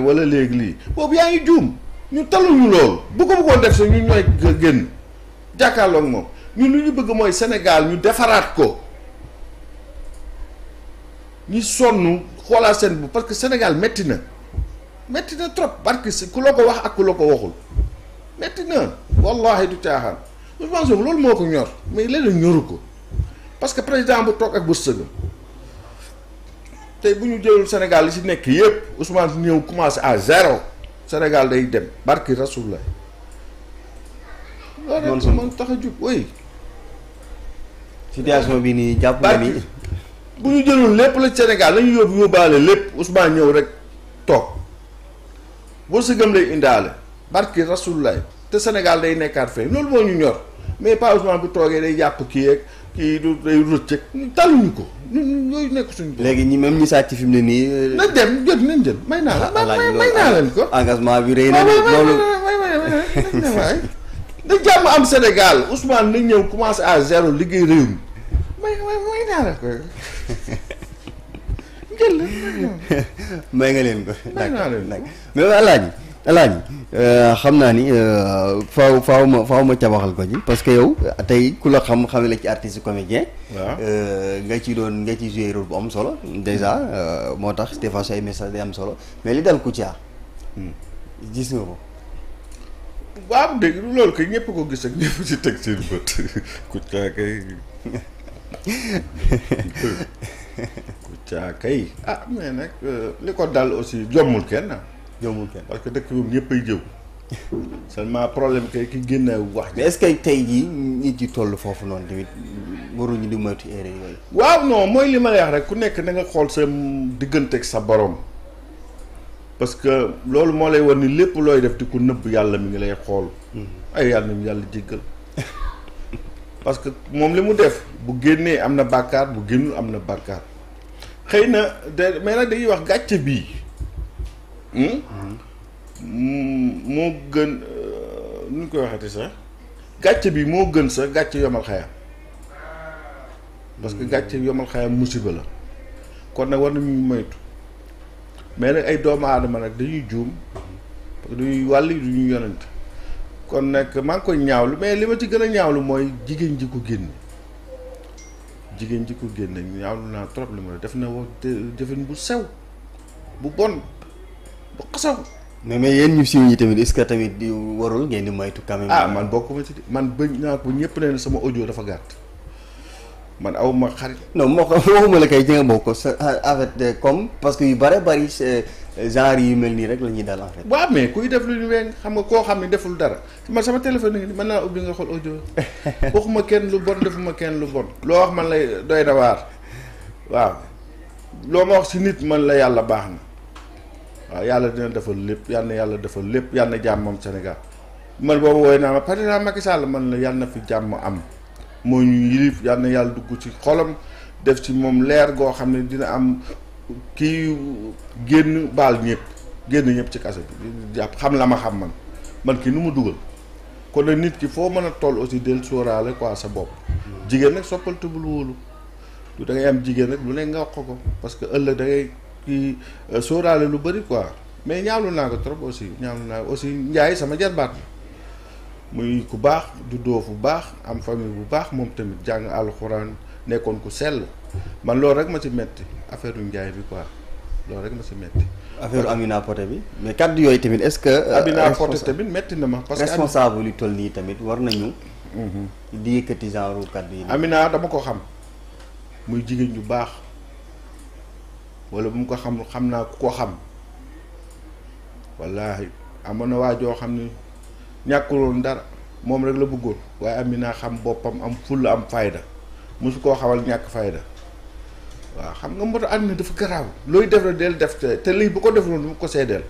wala léegi lii boobu yaa ngi juum ñu taluñu loolu bu ko bëggoon def sax ñun ñooy génn jàkkaarloog moom ñun lu ñu bëgg mooy Sénégal ñu defaraat ko ñu sonn xoolaa seen bu parce que Sénégal métti na metti na trop barki que ku la wax ak ku la ko waxul métti na wallahi du caaxaan Ousmane Sonko loolu moo ko ñor mais leneen ñoru ko parce que président bu toog ak bu tey bu ñu jëlul senegal li si nekk yëpp Ousmane ñëw commencé à zéro Sénégal day dem barki Rasulullah loolu rek man tax a jug oui. situation nii jàpp bu ñu jëlul lépp la Sénégal lañu yóbbu yóbbaale lépp Ousmane ñëw rek toog wërsëgam lay indaale barki Rasulullah te Sénégal day nekkaat fee loolu moo ñu ñor. mais pas Ousmane bu toogee day yàpp kii yeeg kii du day rëcc taluñu ko ñun yooyu nekk suñu. léegi ñi même ñi sàcc fi mu ne nii. Euh, na dem jot nañ jël may naa la. may leen ko engagement bi rëy na loolu waay am Sénégal Ousmane nañ ñëw commencé à zéro liggéey may may naa nga leen ko. may naa leen ko mais Alaaji alaaji euh, xam naa ni euh, faaw faw ma faaw ma tabaxal ko ji parce que yow tey ku la xam xame la ci artiste comédien euh, nga ci doon nga ci joué bu am solo déjà moo tax des fois ay message day am solo mais li dal Kouthia hmm. gis nga dégg loolu kay ñëpp ko gis ak ñëpp ci teg seen bët Kouthia kay ah mais nag li ko dal aussi jommul kenn jëwmul parce que dëkk boobu ñëpp ay jëw seulement problème kay ki génn wax. mais est kay que tey jii nit yi toll foofu noonu tamit waruñu di moytu erreur yooyu. waaw non mooy li ma lay wax rek ku nekk na nga xool sa diggante ak sa boroom parce que loolu moo lay war ni lépp looy def di ko nëbb yàlla mi ngi lay xool. Mhm. ay yàlla mi yàlla jéggal parce que moom li mu def bu génnee am na bàkkaar bu génnul am na bàkkaar xëy na de mais nag dañuy wax gàcce bii. Hmm? moo gën euh, nu ñu koy waxeeti sax gàcc bi moo gën sax gàcc yomal xayam parce que hmm. gàcce yomal xayam musiba la kon nag war nañu moytu mais ne ay doomu aadama nag dañuy juum parce que dañuy wàll duñuy yonent kon nag maa ngi koy ñaawlu mais li ma ci gën a ñaawlu mooy jigéen ji ko génne jigéen ji ko génne ñaawlu naa trop li ma def na wax jëfin bu sew bu bon bu xasaw mais mais yéen ñu siiw ñi tamit est tamit di warul ngeen di moytu quand même. Ah, man bokkuma ci man bëgg naa ko ñëpp ne sama audio dafa gàtt man aw ma xarit. non ko waxuma la kay jënga ko sa ah, en fait euh, comme parce que yu bare bari euh, genre yu mel nii rek la ñuy dal en fait. mais kuy def lu ñu ween xam nga koo xam ne deful dara man sama téléphone ngi nii mën naa ubbi nga xool audio waxuma kenn lu bon defuma kenn lu bon. loo wax man lay doy na waar waaw loo ma wax si nit man la yàlla baax na. waaw yàlla dina defal lépp yal na yàlla defal lépp yal na jàmmam Sénégal man boobu wooy naa ma président Macky Sall man la yal na fi jàmm am moo ñu yilif yal yàlla dugg ci xolam def ci moom leer goo xam ne dina am kii génn baal ñëpp génn ñëpp ci kaso bi jàpp xam la ma xam man man ki nu mu dugal kon nag nit ki foo mën a toll aussi del sóoraale quoi sa bopp jigéen nag soppal tubul wóolu du da am jigéen nag lu ne nga ko parce ëllëg da kii euh, sóoraale lu bëri quoi mais ñaawlu naa ko trop aussi ñaawlu naa ko aussi Ndiaye sama jarbaat la muy ku baax juddoo fu baax am famille bu baax moom tamit jàng alxuraan nekkoon ku sell man loolu rek ma ci metti affaire yu Ndiaye bi quoi loolu rek ma ci metti affaire Amina Poté bi mais kaddu yooyu tamit est-ce que. Euh, Amina Poté tamit metti na ma. parce que responsable yu toll nii tamit war nañu. Mhm. di yëkkati genre kaddu yi. Amina dama ko xam muy jigéen ju baax. wala bu mu ko xam xam naa ku ko xam wallaahi amoon na waa joo xam ne ñàkkuloon dara moom rek la bëggoon waaye naa xam boppam am fulla am fayda mosu koo xawal ñàkk fayda waaw xam nga moto àddina dafa garaaw looy def la del def te te lii bu ko defoon du ko seedeel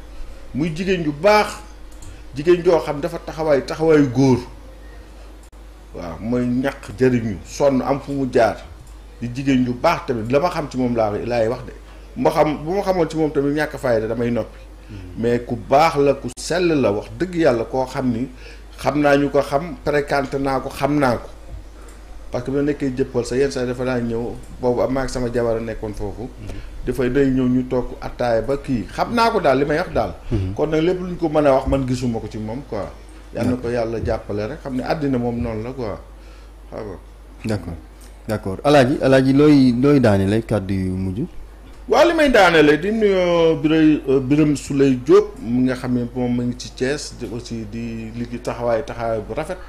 muy jigéen ju baax jigéen joo xam dafa taxawaay taxawaayu góor waaw mooy ñàq jëriñu sonn am fu mu jaar di jigéen ju baax tamit la xam ci moom laa laay wax de ma xam bu ma xamoon ci moom tamit ñàkk fayda damay noppi mais ku baax la ku sell la wax dëgg yàlla koo xam ni xam naa ñu ko xam fréquenté naa ko xam naa ko parce que bu nekkee jëppal sa yenn saa dafa daan ñëw boobu am ak sama jabar a nekkoon foofu mm-hmm. dafay day ñëw ñu toog attaaya ba kii xam naa ko daal li may wax daal mm-hmm. kon nag lépp luñ ko mën a wax man gisuma ko ci moom quoi yal na ko yàlla jàppale rek xam ne àddina moom noonu la quoi xam nga d'accord d'accord alaaji alaaji looy looy daane lay kàddu yu mujj waaw li may daaneele di nuyu Birame euh, Birame Souleye Diop mu nga xam ne moom mu ngi ci cees di aussi di liggéey taxawaayu taxawaay bu rafet